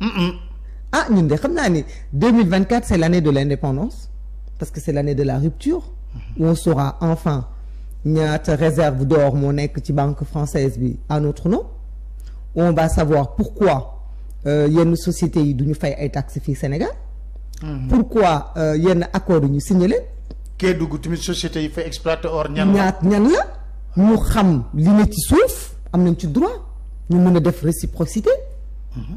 ah ñun de 2024 c'est l'année de l'indépendance parce que c'est l'année de la rupture où on saura enfin ñaata réserve d'or monnaie que tu banque française bi à notre nom où on va savoir pourquoi il euh, yenn sociétés yi duñu fay ay taxes au Sénégal mm-hmm. pourquoi euh, yenn accords yi ñu signé a Kédougou tamit sociétés yi fait exploiter or ñan ñaat ñan la ñu xam li ne ci suuf am nous ci droit ñu mën def réciprocité mm-hmm.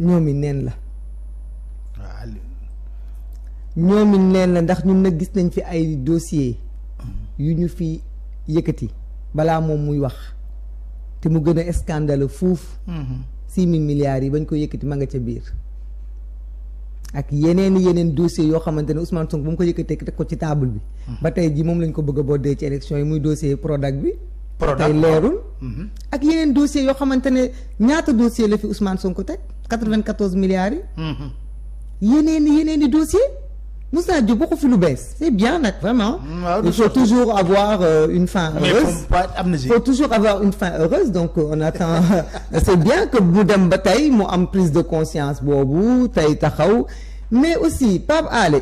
ñoomi neen la waaw ñoomi neen la ndax ñun nag gis nañ fi ay dossier yu ñu fi yëkkati balaa moom muy wax te mu gën a scandale fuuf mhm. six mille milliards yi bañ ko yëkkati ma nga ca biir ak yeneen yeneen dossier yoo xamante ne Ousmane Sonko ba mu ko yëkkatee teg ko ci table bi mhm. ba tey jii moom lañ ko bëgg a boddee ci élection yi muy dossier Prodac bi tey you mm-hmm. ak a dossier la fi Ousmane Sonko milliards mm-hmm. dossier c'est bien vraiment mm-hmm. euh, il faut toujours avoir une fin heureuse faut toujours avoir une fin heureuse donc euh, on attend c'est bien que Boudem Bataille ait prise de conscience mais aussi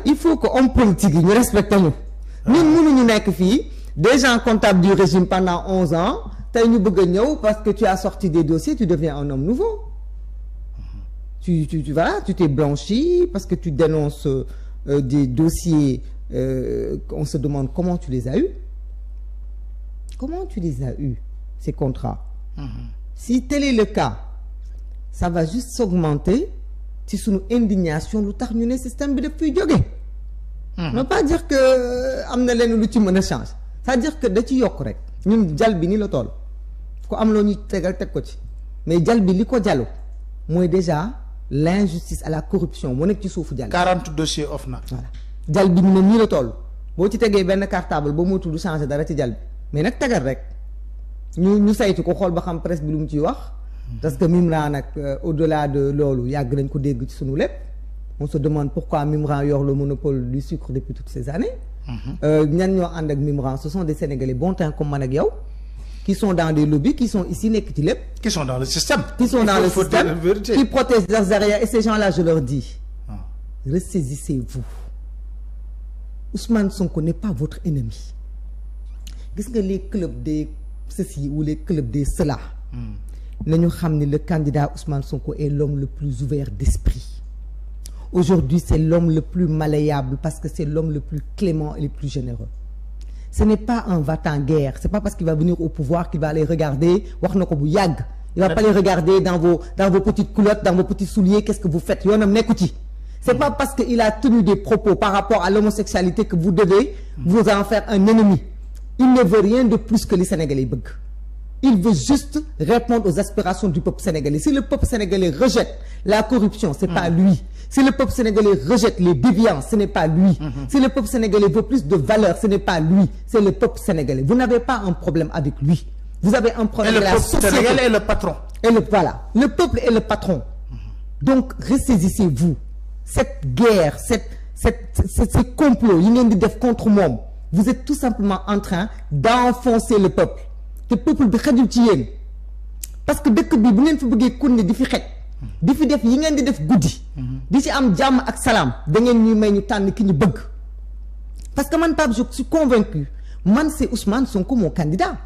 il faut que nous politique nous nous, nous nous nous Déjà un comptable du régime pendant 11 ans ñu bëgg parce que tu as sorti des dossiers tu deviens un homme nouveau tu tu tu voilà tu t'es blanchi parce que tu dénonces euh, des dossiers euh, on se demande comment tu les as eus comment tu les as eus ces contrats mm-hmm. si tel est le cas ça va juste s'augmenter tu une indignation lu tax système de depuis ne pas dire que euh, am na lu c'est-à-dire que da ci nous rek ñun bi ni la toll mais déjà l'injustice à la corruption Nous ci 40 dossiers OFNAC Nous bi mu ne Si la toll cartable changé dara Nous, mais nous que rek ñu presse parce que Mimran euh, au-delà de l'eau, il nañ ko dégg ci qui lépp on se demande pourquoi Mimran eu le monopole du sucre depuis toutes ces années Mhm. Euh, ce sont des Sénégalais bon temps comme man qui sont dans des lobbies qui sont ici qui sont dans le système. qui sont dans le qui protègent et ces gens-là je leur dis. Ah. ressaisissez-vous Ousmane Sonko n'est pas votre ennemi Qu'est-ce que les clubs des ceci ou les clubs de cela. Hmm. nañu le candidat Ousmane Sonko est l'homme le plus ouvert d'esprit Aujourd'hui, c'est l'homme le plus malléable parce que c'est l'homme le plus clément et le plus généreux. Ce n'est pas un va-t-en-guerre. Ce n'est pas parce qu'il va venir au pouvoir qu'il va aller regarder Il ne va pas les regarder dans vos, dans vos petites culottes, dans vos petits souliers, qu'est-ce que vous faites. Ce n'est pas parce qu'il a tenu des propos par rapport à l'homosexualité que vous devez vous en faire un ennemi. Il ne veut rien de plus que les Sénégalais il veut juste répondre aux aspirations du peuple sénégalais. Si le peuple sénégalais rejette la corruption, c'est n'est pas mm. lui. Si le peuple sénégalais rejette les déviants, ce n'est pas lui. Mm-hmm. Si le peuple sénégalais veut plus de valeur, ce n'est pas lui. C'est le peuple sénégalais. Vous n'avez pas un problème avec lui. Vous avez un problème avec la société. le peuple sénégalais est le patron. Et le, voilà. Le peuple est le patron. Mm-hmm. Donc, ressaisissez-vous. Cette guerre, cette, cette, ce complot, il y a contre moi. Vous êtes tout simplement en train d'enfoncer le peuple le peuple bi xajul ci yéen parce que dëkk bi bu ngeen fi bëggee kunne di fi xej di fi def yi ngeen di def goudi di ci am jàmm ak salam da ngeen ñuy may ñu tànn ki ñu bëgg parce que man je suis convaincu man c'est Ousmane Sonko mon candidat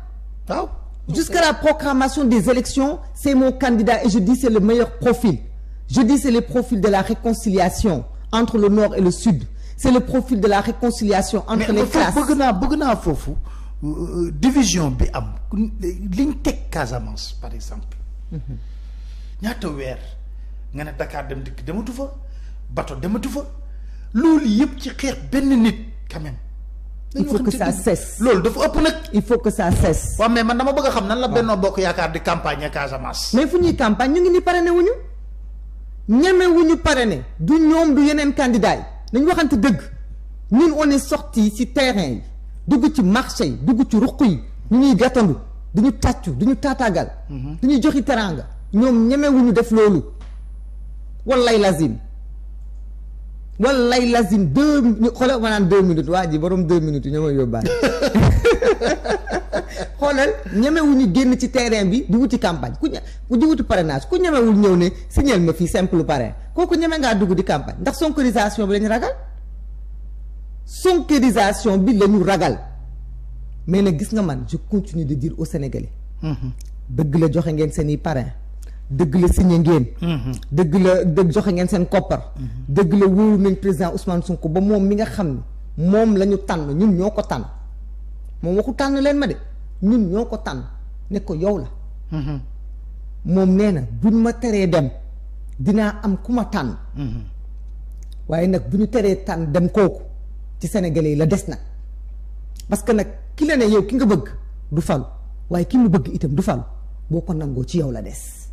waaw jusqu'à la proclamation des élections c'est mon candidat et je dis c'est le meilleur profil je dis c'est le profil de la réconciliation entre le nord et le sud c'est le profil de la réconciliation entre les classes division bi am liñ tek Casamance par exemple. ñaata weer nga ne Dakar dem dikk dematu fa bato dematu fa loolu yëpp ci xeex benn nit quand même. il faut que ça cesse loolu dafa ëpp nag. il faut que ça cesse. waaw mais man dama bëgg a xam nan la Benno Bokk Yaakaar di campagne Casamance. mais fu ñuy campagne ñu ngi ni parrainé wuñu ñeme wuñu parrainé du ñoom du yeneen candidat yi dañu waxante dëgg ñun on est sorti ci terrain yi. dugg ci marché yi dugg ci ruq yi ñu ñuy gàttandu du ñu tàccu du ñu taataagal mhm. du ñu joxi teraanga ñoom ñu def loolu wallay lazim wallay lazim deux xoolal ma naan deux minutes waa ji borom deux minutes yi ñoo may yóbbaale xoolal ñemewuñu génn ci terrain bi di ci campagne ku ñe di wuti ku ñemewul ñëw ne signal ma fii simple parrain kooku ñeme ngaa dugg di campagne ndax sonkorisation bi lañu ragal sonkérisation bi la ñu ragal mais nag gis nga man je continue de dire au Sénégalais. Mhm. dëgg la joxe ngeen seen i parrain dëgg la signé ngeen. Mhm. dëgg la dëgg joxe ngeen seen koppar. Mhm. dëgg la wóolu nañ président Ousmane Sonko ba moom mi nga xam ne moom la ñu tànn ñun ñoo ko tànn moom waxu tànn leen ma de ñun ñoo ko tànn ne ko yow la. moom nee na buñ ma teree dem dinaa am ku ma tànn. waaye nag bu ñu teree tànn dem kooku. ci Sénégalais yi la des nag parce que nag ki la ne yow ki nga bëgg du falu waaye ki mu bëgg itam du falu boo ko nangoo ci yow la des